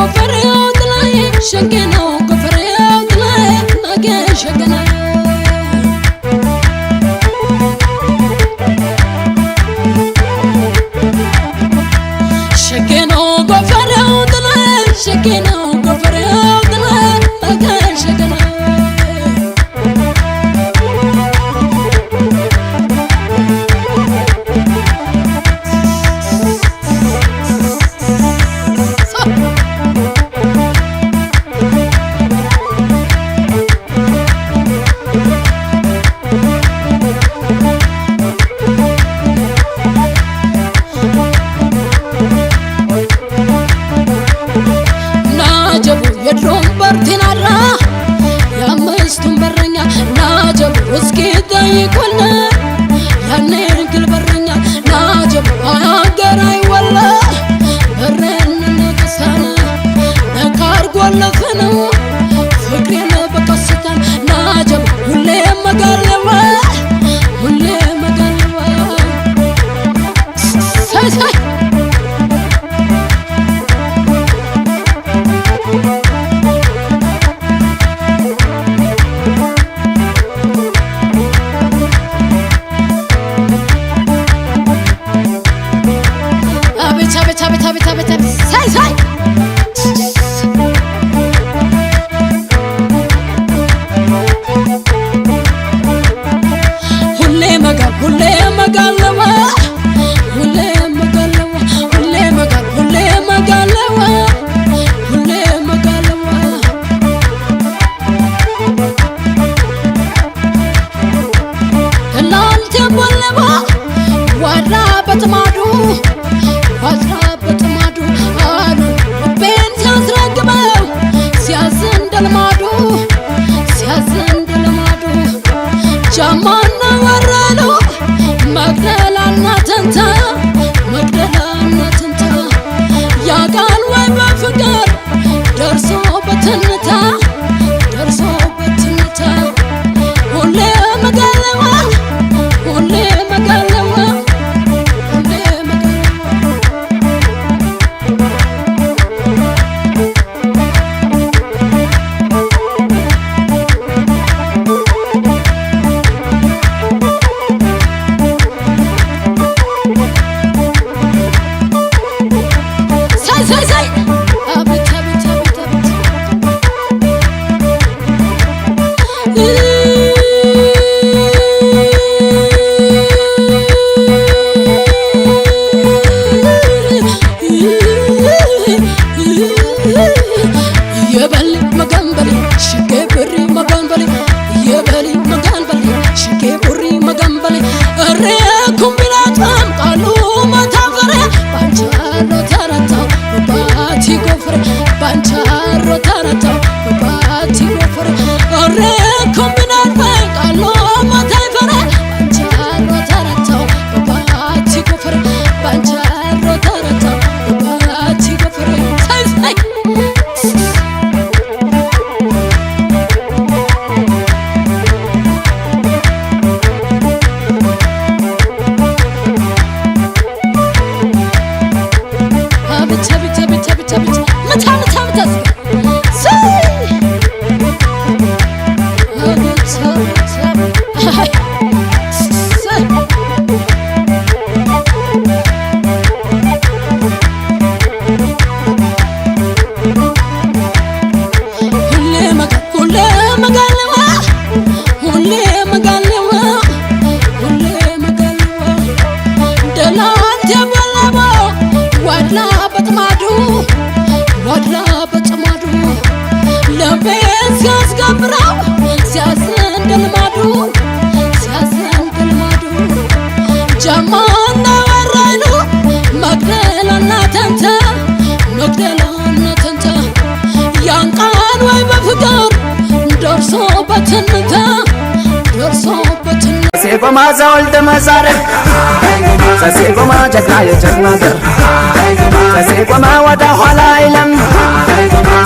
ኮፈሬው ጥላዬ ሸንጌ ነው ጎፍሬ ባንቻ አሮ ታራታው ባቲ ጎፍሬ ኦሬ ኮምቢና ወላ በጥማዱ ወላ በጥማዱ ለቤት ሲያስገብረው ሲያዝ እንደ ልማዱ ሲያዝ ጀማና ወራይኑ መግደላና ተንተ መግደላና ተንተ ያንቃን ወይ በፍቅር ደርሶ በትንተ ደርሶ በትንተ ዘወልደ መዛረ ሰሴ ጀግና የጀግና ዘር ተስቆማ ወደ ኋላ አይለም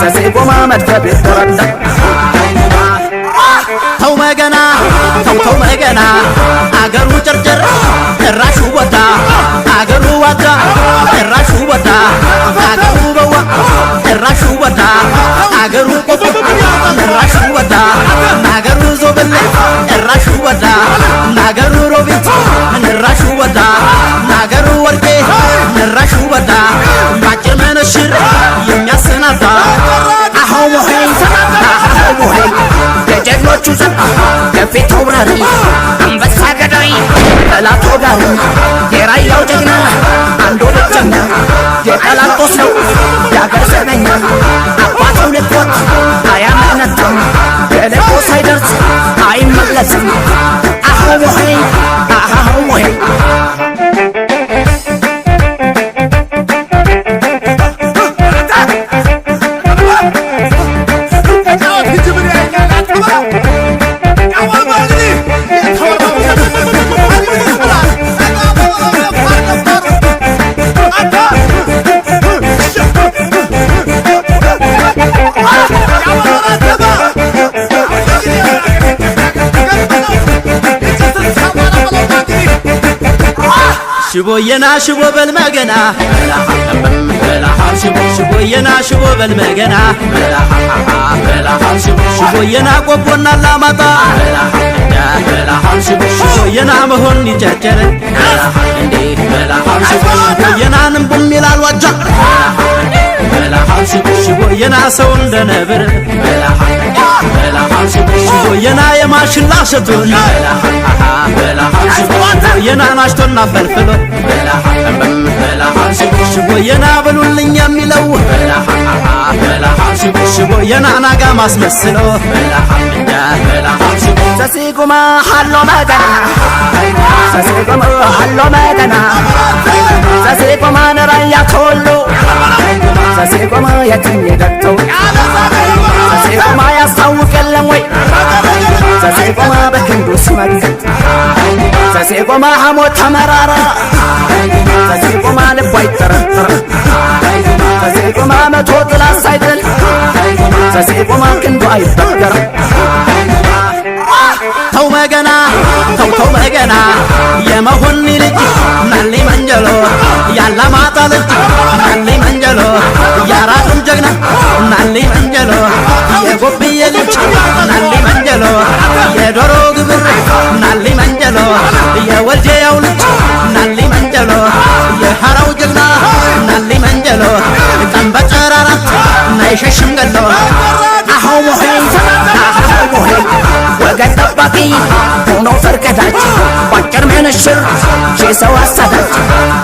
ተስቆማ መድፈብ ይረዳ ተው መገና ተው ተው መገና አገሩ ጨርጨር እራሹ ወጣ አገሩ ወጣ እራሹ ወጣ አገሩ በዋ እራሹ ወጣ አገሩ ቆፎ እራሹ ወጣ አገሩ ዞብል እራሹ ወጣ አገሩ ሮቢት የሚያሸረሽር የሚያሰናዳ አኸው ሞሄን ሰናዳ አኸው ሞሄን ለጀግኖቹ ዘንዳ ለፊት ተውራሪ አንበሳ ገዳይ ጠላት ወጋሪ የራያው ጀግና አንዱ ልጀና የጠላት ጦስ ነው የአገር ዘመ ሽቦየና ሽቦ በልመገና ሽቦየና ሽቦ በልመገና የና ቆቦና ላማጣ የና መሆን ይጨጨረ ሽቦየናንም ቡም ይላል ዋጃ ሽቦየና ሰው እንደነብር የና የማሽላ ሸቶ የና ናሽቶና ፈልፍሎ የና ብሉልኝ የሚለው የና ናጋ ማስመስሎ ሰሲጉማ ሀሎ መጠና ሰሲጉማ ሀሎ መጠና ሰሲጉማ ነራያ ኮሎ ሰሲጉማ የትኝ ደቅተው ሰይፉማ ያስታውቀለም ወይ ሰሴቆማ በክንዱ ሲመግዝ ሰሴቆማ ሐሞት ተመራራ ሰሴቆማ ልቧ ይጠረጠረ ሰሴቆማ መቶ ጥላ ሳይጥል ሰሴቆማ ክንዱ አይበገር ተው በገና ተው በገና የመሆኒ ልጅ ማሊ መንጀሎ ያለማጣ ልጅ ማሊ መንጀሎ ያራ ገሎ እንጣም በጠራራት ማይሸሽም ገሎ አኸው ሞሄ አኸው ሞሄ ወገን ጠባቂ ሆኖ ፈርቀዳጅ ባጭር መነሽር የሰው አሳዳጅ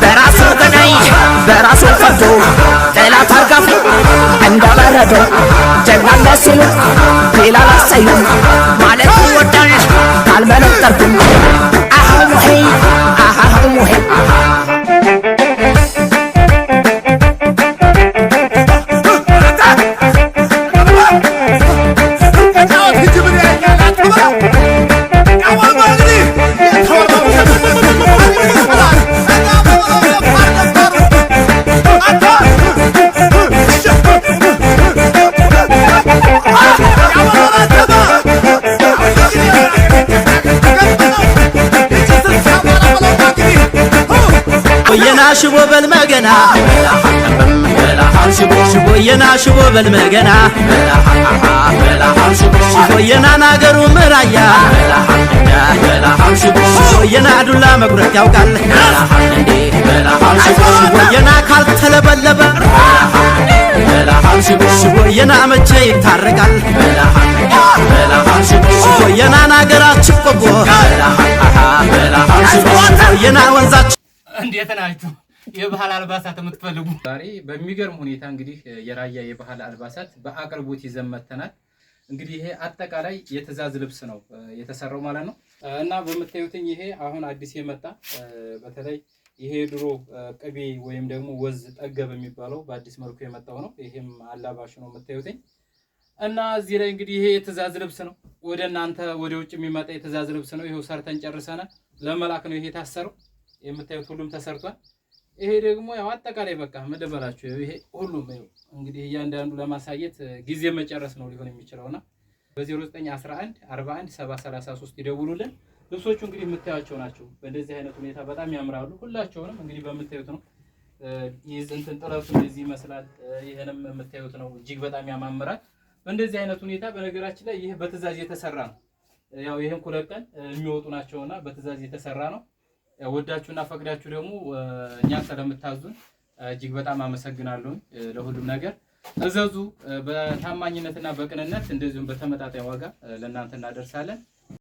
በራሱ ገዳይ በራሱ ፈርዶ ጠላት አርጋፊ እንደ በረዶ ጀግና ሲሉ ቢላል አሰዩ ማለት የና ሽቦ በልመገና ሽቦ የና ሽቦ በልመገና ሽቦ የና ናገሩ ምራያ ሽቦ የና ዱላ መጉረት ያውቃል ሽቦ የና ካልተለበለበ ሽቦ የና መቼ ይታረቃል ሽቦ የና ናገራችን ቆቦ ሽቦ የና ወንዛችን እንዴት ናችሁ? የባህል አልባሳት የምትፈልጉ ዛሬ በሚገርም ሁኔታ እንግዲህ የራያ የባህል አልባሳት በአቅርቦት ይዘን መጥተናል። እንግዲህ ይሄ አጠቃላይ የትዕዛዝ ልብስ ነው የተሰራው ማለት ነው እና በምታዩትኝ ይሄ አሁን አዲስ የመጣ በተለይ ይሄ ድሮ ቅቤ ወይም ደግሞ ወዝ ጠገብ የሚባለው በአዲስ መልኩ የመጣው ነው። ይሄም አላባሽ ነው የምታዩትኝ እና እዚህ ላይ እንግዲህ ይሄ የትዕዛዝ ልብስ ነው። ወደ እናንተ ወደ ውጭ የሚመጣ የትዕዛዝ ልብስ ነው። ይሄው ሰርተን ጨርሰናል። ለመላክ ነው ይሄ የታሰረው። የምታዩት ሁሉም ተሰርቷል። ይሄ ደግሞ ያው አጠቃላይ በቃ ምን ልበላችሁ፣ ይሄ ሁሉም እንግዲህ እያንዳንዱ ለማሳየት ጊዜ መጨረስ ነው ሊሆን የሚችለውና በ0911 41 733 ይደውሉልን። ልብሶቹ እንግዲህ የምታዩቸው ናቸው። በእንደዚህ አይነት ሁኔታ በጣም ያምራሉ። ሁላቸውንም እንግዲህ በምታዩት ነው። ይህ ጥረቱ እንደዚህ ይመስላል። ይህንም የምታዩት ነው። እጅግ በጣም ያማምራል። በእንደዚህ አይነት ሁኔታ በነገራችን ላይ ይህ በትዕዛዝ የተሰራ ነው። ያው ይህን ሁለት ቀን የሚወጡ ናቸውና በትዕዛዝ የተሰራ ነው። ወዳችሁና ፈቅዳችሁ ደግሞ እኛን ስለምታዙን እጅግ በጣም አመሰግናለሁ። ለሁሉም ነገር እዘዙ። በታማኝነትና በቅንነት እንደዚሁም በተመጣጣኝ ዋጋ ለእናንተ እናደርሳለን።